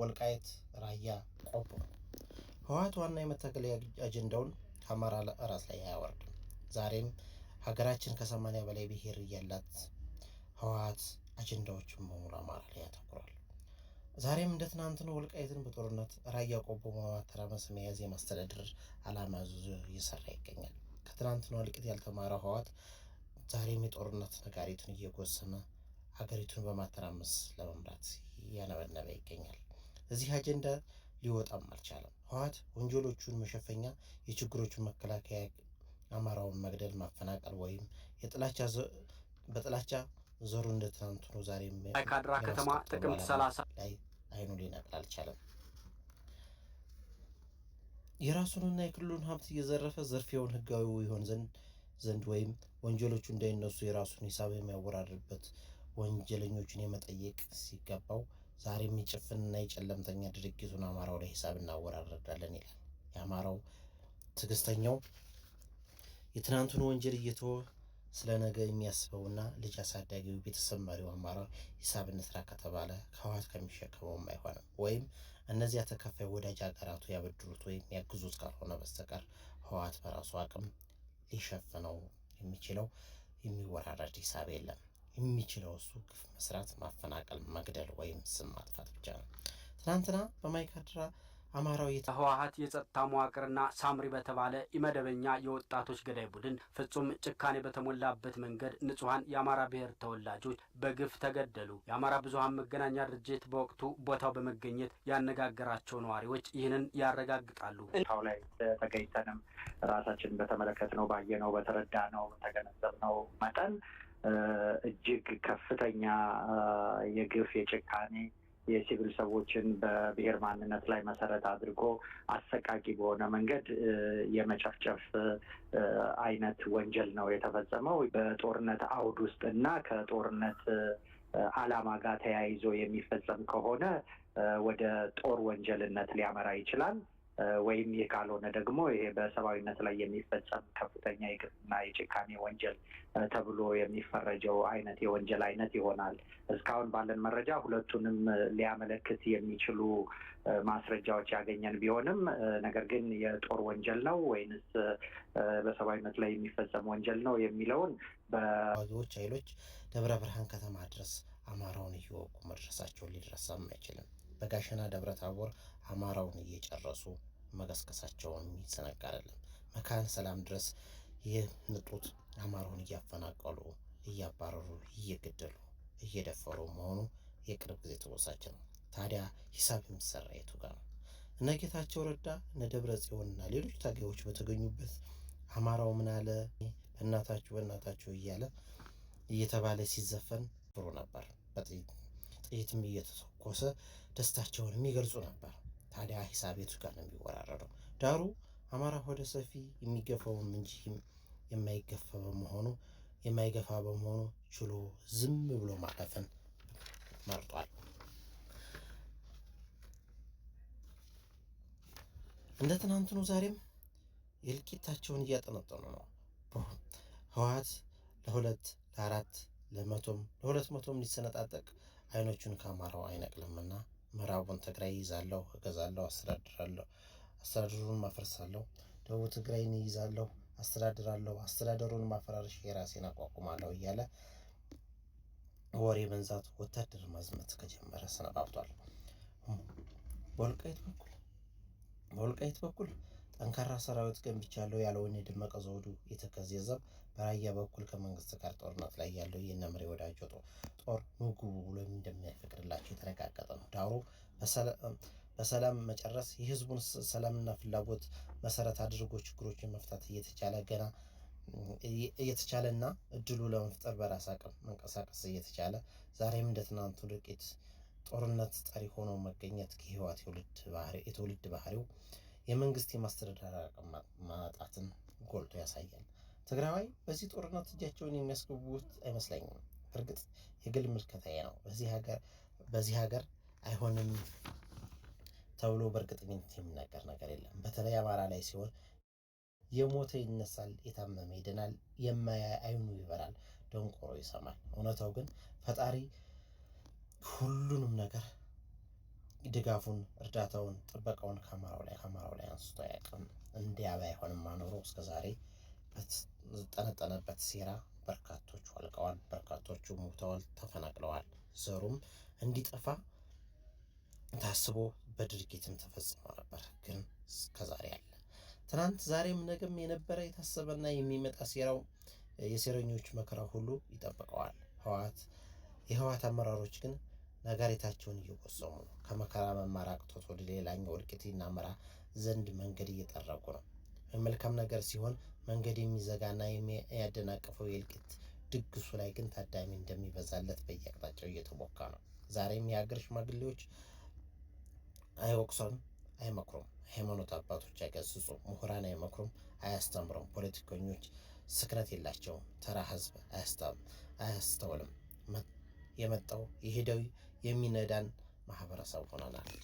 ወልቃየት፣ ራያ፣ ቆቦ። ህወሓት ዋና የመታገያ አጀንዳውን ከአማራ ራስ ላይ አያወርድም። ዛሬም ሀገራችን ከሰማንያ በላይ ብሔር እያላት ህወሓት አጀንዳዎችን በሙሉ አማራ ላይ ያተኩራል። ዛሬም እንደ ትናንት ወልቃየትን በጦርነት ራያ ቆቦ በማተራመስ መያዝ የማስተዳደር አላማ ይዞ እየሰራ ይገኛል። ከትናንትናው ወልቂት ያልተማረ ህወሓት ዛሬም የጦርነት ነጋሪቱን እየጎሰመ ሀገሪቱን በማተራመስ ለመምራት እያነበነበ ይገኛል። እዚህ አጀንዳ ሊወጣም አልቻለም። ህወሓት ወንጀሎቹን መሸፈኛ የችግሮቹን መከላከያ አማራውን መግደል፣ ማፈናቀል ወይም በጥላቻ ዘሩ እንደ ትናንት ነው ዛሬ ካድራ ከተማ ጥቅምት ሰላሳ ላይ አይኑ ሊነቅል አልቻለም። የራሱንና የክልሉን ሀብት እየዘረፈ ዘርፌውን ህጋዊ ይሆን ዘንድ ወይም ወንጀሎቹ እንዳይነሱ የራሱን ሂሳብ የሚያወራርበት ወንጀለኞችን የመጠየቅ ሲገባው ዛሬ የሚጨፍንና የጨለምተኛ ድርጊቱን አማራው ላይ ሂሳብ እናወራረዳለን ይላል። የአማራው ትዕግስተኛው የትናንቱን ወንጀል እየተወ ስለ ነገ የሚያስበውና ልጅ አሳዳጊው ቤተሰብ መሪው አማራው ሂሳብ እንስራ ከተባለ ከህወሓት ከሚሸከመውም አይሆንም። ወይም እነዚያ ተከፋይ ወዳጅ ሀገራቱ ያበድሩት ወይም ያግዙት ካልሆነ በስተቀር ህወሓት በራሱ አቅም ሊሸፍነው የሚችለው የሚወራረድ ሂሳብ የለም። የሚችለው እሱ ግፍ መስራት፣ ማፈናቀል፣ መግደል ወይም ስም ማጥፋት ብቻ ነው። ትናንትና በማይካድራ አማራዊ ህወሀት የጸጥታ መዋቅርና ሳምሪ በተባለ ኢመደበኛ የወጣቶች ገዳይ ቡድን ፍጹም ጭካኔ በተሞላበት መንገድ ንጹሐን የአማራ ብሔር ተወላጆች በግፍ ተገደሉ። የአማራ ብዙሀን መገናኛ ድርጅት በወቅቱ ቦታው በመገኘት ያነጋገራቸው ነዋሪዎች ይህንን ያረጋግጣሉ። ታው ላይ ተገኝተንም ራሳችን በተመለከትነው፣ ባየነው፣ በተረዳነው፣ ነው መጠን እጅግ ከፍተኛ የግፍ የጭካኔ የሲቪል ሰዎችን በብሔር ማንነት ላይ መሰረት አድርጎ አሰቃቂ በሆነ መንገድ የመጨፍጨፍ አይነት ወንጀል ነው የተፈጸመው። በጦርነት አውድ ውስጥ እና ከጦርነት ዓላማ ጋር ተያይዞ የሚፈጸም ከሆነ ወደ ጦር ወንጀልነት ሊያመራ ይችላል። ወይም ይህ ካልሆነ ደግሞ ይሄ በሰብአዊነት ላይ የሚፈጸም ከፍተኛ የግፍና የጭካኔ ወንጀል ተብሎ የሚፈረጀው አይነት የወንጀል አይነት ይሆናል። እስካሁን ባለን መረጃ ሁለቱንም ሊያመለክት የሚችሉ ማስረጃዎች ያገኘን ቢሆንም ነገር ግን የጦር ወንጀል ነው ወይንስ በሰብአዊነት ላይ የሚፈጸም ወንጀል ነው የሚለውን በዎች ኃይሎች ደብረ ብርሃን ከተማ ድረስ አማራውን እየወቁ መድረሳቸውን ሊረሳም አይችልም። በጋሸና ደብረ ታቦር አማራውን እየጨረሱ መቀስቀሳቸውን የሚዘነጋ መካነ ሰላም ድረስ የመጡት አማራውን እያፈናቀሉ እያባረሩ እየገደሉ እየደፈሩ መሆኑ የቅርብ ጊዜ ትውሳችን ነው። ታዲያ ሂሳብ የሚሰራ የቱ ጋር ነው? እነ ጌታቸው ረዳ እነ ደብረ ጽዮንና ሌሎች ታጋዮች በተገኙበት አማራው ምን አለ በእናታችሁ በእናታችሁ እያለ እየተባለ ሲዘፈን ብሩ ነበር። በጥይትም እየተተኮሰ ደስታቸውን የሚገልጹ ነበር። ታዲያ ሂሳብ ቤቱ ጋር ነው የሚወራረደው። ዳሩ አማራ ሆደ ሰፊ የሚገፋውም እንጂ የማይገፋ በመሆኑ የማይገፋ በመሆኑ ችሎ ዝም ብሎ ማለፍን መርጧል። እንደ ትናንትኑ ዛሬም የእልቂታቸውን እያጠነጠኑ ነው። ህወሓት ለሁለት ለአራት ለመቶም ለሁለት መቶም ሊሰነጣጠቅ አይኖቹን ከአማራው አይነቅልምና ምዕራቡን ትግራይ ይዛለሁ እገዛለሁ፣ አስተዳድራለሁ፣ አስተዳደሩን ማፈርሳለሁ። ደቡብ ትግራይን ይይዛለሁ፣ አስተዳድራለሁ፣ አስተዳደሩን ማፈራረሽ የራሴን አቋቁማለሁ እያለ ወሬ መንዛት፣ ወታደር ማዝመት ከጀመረ ሰነባብቷል። በወልቃይት በኩል በወልቃይት በኩል ጠንካራ ሰራዊት ገንብቻለሁ ያለውን የደመቀ ዘውዱ የተከዜ ዘብ በራያ በኩል ከመንግስት ጋር ጦርነት ላይ ያለው የነምሬ ወዳጆ ጦር ምግቡ ብሎ እንደሚያፈቅድላቸው የተረጋገጠ ነው። ዳሩ በሰላም መጨረስ የህዝቡን ሰላምና ፍላጎት መሰረት አድርጎ ችግሮችን መፍታት እየተቻለ ገና እየተቻለና እድሉ ለመፍጠር በራስ አቅም መንቀሳቀስ እየተቻለ ዛሬም እንደ ትናንቱ ድርቂት ጦርነት ጠሪ ሆኖ መገኘት ከህይወት የትውልድ ባህሪው የመንግስት የማስተዳደር አቅም ማጣትን ጎልቶ ያሳያል። ትግራዋይ በዚህ ጦርነት እጃቸውን የሚያስገቡት አይመስለኝም። እርግጥ የግል ምልከታዬ ነው። በዚህ ሀገር አይሆንም ተብሎ በእርግጠኝነት የሚናገር ነገር የለም። በተለይ አማራ ላይ ሲሆን የሞተ ይነሳል፣ የታመመ ይድናል፣ የማያይ አይኑ ይበራል፣ ደንቆሮ ይሰማል። እውነታው ግን ፈጣሪ ሁሉንም ነገር ድጋፉን፣ እርዳታውን፣ ጥበቃውን ከአማራው ላይ ከአማራው ላይ አንስቶ አያውቅም። እንዲያ ባይሆንም እስከ እስከዛሬ በተጠነጠነበት ሴራ በርካቶቹ አልቀዋል፣ በርካቶቹ ሞተዋል፣ ተፈናቅለዋል። ዘሩም እንዲጠፋ ታስቦ በድርጊትም ተፈጽሞ ነበር። ግን ዛሬ አለ። ትናንት፣ ዛሬም፣ ነገም የነበረ የታሰበና የሚመጣ ሴራው የሴረኞች መከራ ሁሉ ይጠብቀዋል። ህወሓት የህወሓት አመራሮች ግን ነጋሪታቸውን እየቆሰሙ ነው። ከመከራ መማር አቅቶት ወደ ሌላኛው እልቂት ይናመራ ዘንድ መንገድ እየጠረጉ ነው። መልካም ነገር ሲሆን መንገድ የሚዘጋና የሚያደናቅፈው የእልቂት ድግሱ ላይ ግን ታዳሚ እንደሚበዛለት በየአቅጣጫው እየተቦካ ነው። ዛሬም የሀገር ሽማግሌዎች አይወቅሱም፣ አይመክሩም። ሃይማኖት አባቶች አይገስጹም፣ ምሁራን አይመክሩም፣ አያስተምሩም። ፖለቲከኞች ስክነት የላቸውም። ተራ ህዝብ አያስተውልም። የመጣው የሄደው የሚነዳን ማህበረሰብ ሆነናል።